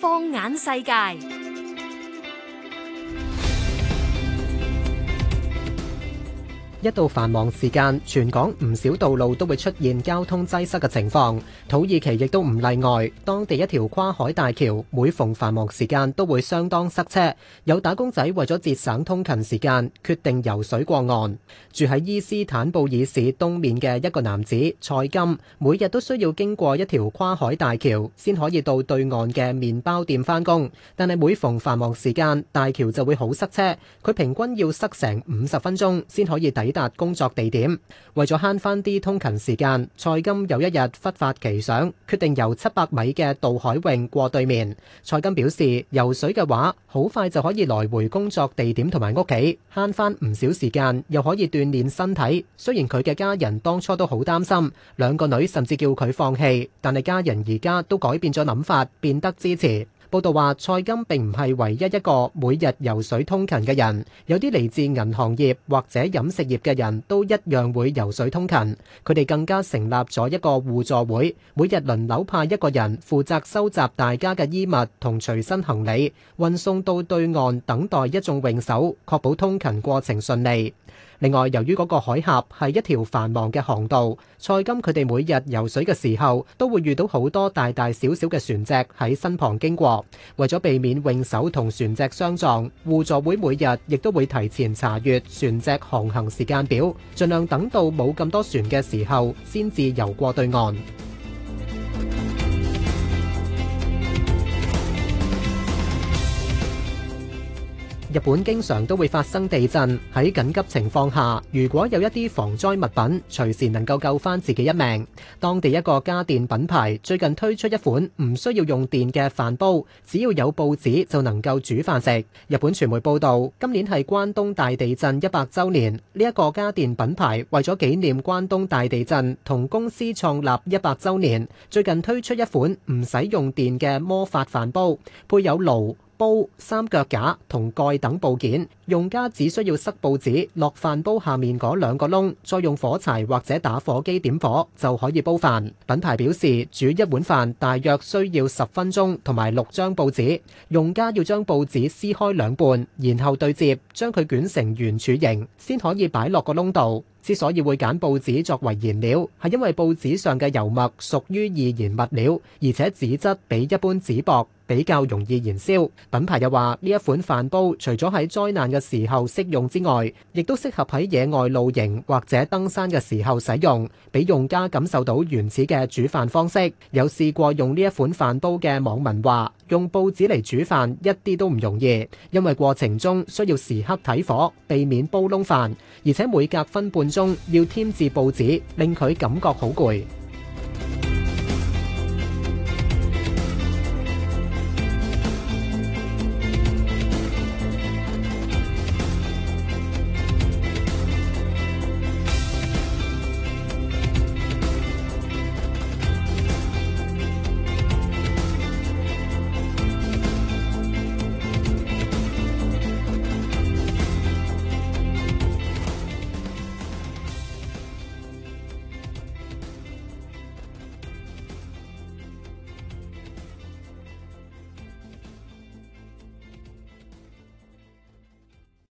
放眼世界。一到繁忙時間，全港唔少道路都會出現交通擠塞嘅情況。土耳其亦都唔例外，當地一條跨海大橋每逢繁忙時間都會相當塞車。有打工仔為咗節省通勤時間，決定游水過岸。住喺伊斯坦布爾市東面嘅一個男子蔡金，每日都需要經過一條跨海大橋先可以到對岸嘅麵包店翻工。但係每逢繁忙時間，大橋就會好塞車，佢平均要塞成五十分鐘先可以抵達工作地點，為咗慳翻啲通勤時間，蔡金有一日忽發奇想，決定由七百米嘅渡海泳過對面。蔡金表示，游水嘅話好快就可以來回工作地點同埋屋企，慳翻唔少時間，又可以鍛煉身體。雖然佢嘅家人當初都好擔心，兩個女甚至叫佢放棄，但係家人而家都改變咗諗法，變得支持。報道話，蔡金並唔係唯一一個每日游水通勤嘅人，有啲嚟自銀行業或者飲食業嘅人都一樣會游水通勤。佢哋更加成立咗一個互助會，每日輪流派一個人負責收集大家嘅衣物同隨身行李，運送到對岸等待一眾泳手，確保通勤過程順利。另外，由於嗰個海峽係一條繁忙嘅航道，蔡金佢哋每日游水嘅時候都會遇到好多大大小小嘅船隻喺身旁經過。為咗避免泳手同船隻相撞，互助會每日亦都會提前查閱船隻航行時間表，盡量等到冇咁多船嘅時候，先至游過對岸。日本經常都會發生地震，喺緊急情況下，如果有一啲防災物品，隨時能夠救翻自己一命。當地一個家電品牌最近推出一款唔需要用電嘅飯煲，只要有報紙就能夠煮飯食。日本傳媒報道，今年係關東大地震一百週年，呢一個家電品牌為咗紀念關東大地震同公司創立一百週年，最近推出一款唔使用電嘅魔法飯煲，配有爐煲三腳架同蓋等部件，用家只需要塞報紙落飯煲下面嗰兩個窿，再用火柴或者打火機點火就可以煲飯。品牌表示煮一碗飯大約需要十分鐘，同埋六張報紙。用家要將報紙撕開兩半，然後對接，將佢捲成圓柱形，先可以擺落個窿度。至少要會揀報紙作為顏料，是因為報紙上的油膜屬於二元物料，而且紙質比一般紙鉢比較容易燃燒。品牌又話，呢一款飯包除咗喺災難嘅時候食用之外，亦都適合喺野外露營或者登山嘅時候使用，俾用家感受到原始嘅煮飯方式。有試過用呢一款飯包嘅網文化，用報紙嚟煮飯一啲都唔容易，因為過程中需要時刻睇火，避免煲籠飯，而且每隔分半仲要添置報紙，令佢感覺好攰。